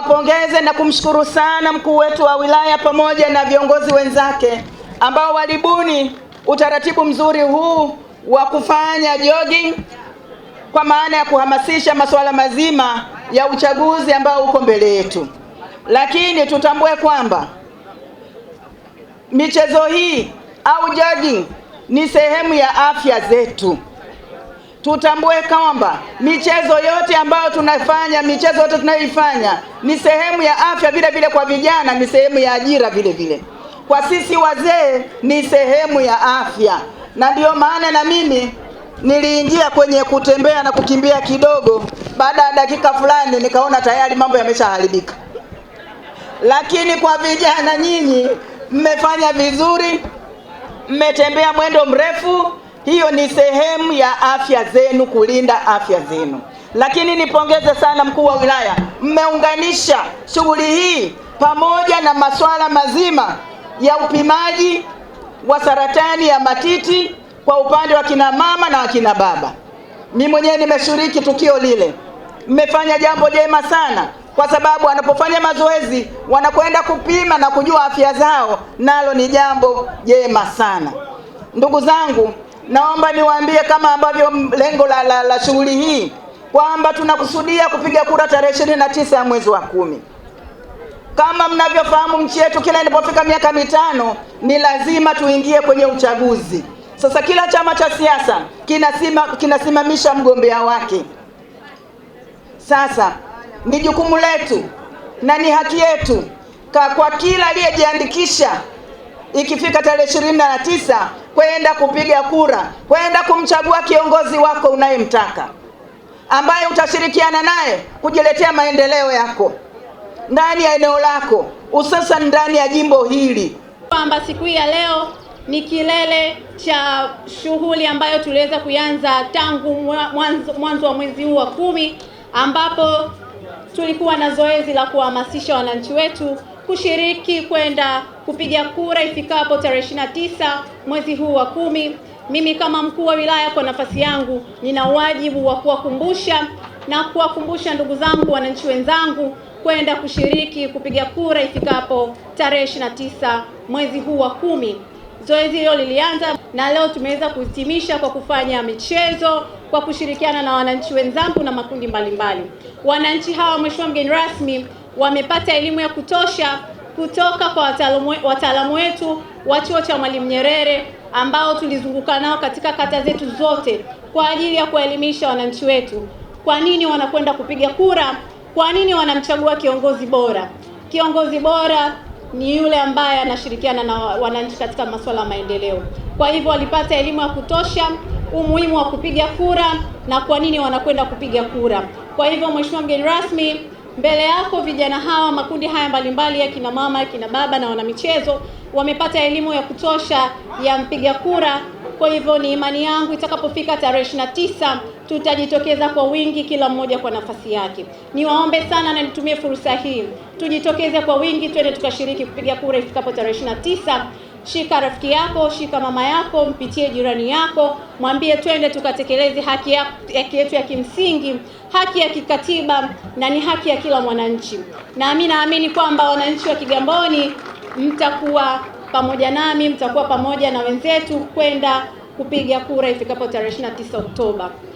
niwapongeze na kumshukuru sana mkuu wetu wa wilaya pamoja na viongozi wenzake ambao walibuni utaratibu mzuri huu wa kufanya jogging kwa maana ya kuhamasisha masuala mazima ya uchaguzi ambao uko mbele yetu. Lakini tutambue kwamba michezo hii au jogging ni sehemu ya afya zetu tutambue kwamba michezo yote ambayo tunafanya, michezo yote tunayoifanya ni sehemu ya afya, vile vile kwa vijana ni sehemu ya ajira, vile vile kwa sisi wazee ni sehemu ya afya. Na ndiyo maana na mimi niliingia kwenye kutembea na kukimbia kidogo, baada ya dakika fulani nikaona tayari mambo yameshaharibika. Lakini kwa vijana, nyinyi mmefanya vizuri, mmetembea mwendo mrefu hiyo ni sehemu ya afya zenu, kulinda afya zenu. Lakini nipongeze sana mkuu wa wilaya, mmeunganisha shughuli hii pamoja na masuala mazima ya upimaji wa saratani ya matiti kwa upande wa kina mama na kina baba. Mimi mwenyewe nimeshiriki tukio lile. Mmefanya jambo jema sana, kwa sababu wanapofanya mazoezi wanakwenda kupima na kujua afya zao, nalo ni jambo jema sana, ndugu zangu naomba niwaambie kama ambavyo lengo la, la, la shughuli hii kwamba tunakusudia kupiga kura tarehe ishirini na tisa ya mwezi wa kumi. Kama mnavyofahamu nchi yetu kila inapofika miaka mitano ni lazima tuingie kwenye uchaguzi. Sasa kila chama cha siasa kinasima, kinasimamisha mgombea wake. Sasa ni jukumu letu na ni haki yetu kwa kila aliyejiandikisha ikifika tarehe ishirini na tisa kwenda kupiga kura, kwenda kumchagua kiongozi wako unayemtaka, ambaye utashirikiana naye kujiletea maendeleo yako ndani ya eneo lako, hususan ndani ya jimbo hili. Kwamba siku hii ya leo ni kilele cha shughuli ambayo tuliweza kuianza tangu mwanzo, wa mwezi huu wa kumi ambapo tulikuwa na zoezi la kuhamasisha wananchi wetu kushiriki kwenda kupiga kura ifikapo tarehe 29 mwezi huu wa kumi. Mimi kama mkuu wa wilaya kwa nafasi yangu, nina wajibu wa kuwakumbusha na kuwakumbusha ndugu zangu, wananchi wenzangu kwenda kushiriki kupiga kura ifikapo tarehe 29 mwezi huu wa kumi. Zoezi hilo lilianza na leo tumeweza kuhitimisha kwa kufanya michezo kwa kushirikiana na wananchi wenzangu na makundi mbalimbali. Wananchi hawa, mheshimiwa mgeni rasmi wamepata elimu ya kutosha kutoka kwa wataalamu wetu wa chuo cha Mwalimu Nyerere ambao tulizunguka nao katika kata zetu zote kwa ajili ya kuwaelimisha wananchi wetu kwa nini wanakwenda kupiga kura, kwa nini wanamchagua kiongozi bora. Kiongozi bora ni yule ambaye anashirikiana na wananchi katika masuala ya maendeleo. Kwa hivyo walipata elimu ya kutosha, umuhimu wa kupiga kura na kwa nini wanakwenda kupiga kura. Kwa hivyo, Mheshimiwa mgeni rasmi mbele yako vijana hawa, makundi haya mbalimbali ya kina mama, kina baba na wanamichezo wamepata elimu ya kutosha ya mpiga kura. Kwa hivyo ni imani yangu itakapofika tarehe ishirini tisa tutajitokeza kwa wingi, kila mmoja kwa nafasi yake. Niwaombe sana na nitumie fursa hii, tujitokeze kwa wingi, twende tukashiriki kupiga kura ifikapo tarehe ishirini tisa shika rafiki yako, shika mama yako, mpitie jirani yako, mwambie twende tukatekeleze haki ya, ya, yetu ya kimsingi, haki ya kikatiba na ni haki ya kila mwananchi. Na mimi naamini kwamba wananchi wa Kigamboni mtakuwa pamoja nami, mtakuwa pamoja na wenzetu kwenda kupiga kura ifikapo tarehe 29 Oktoba.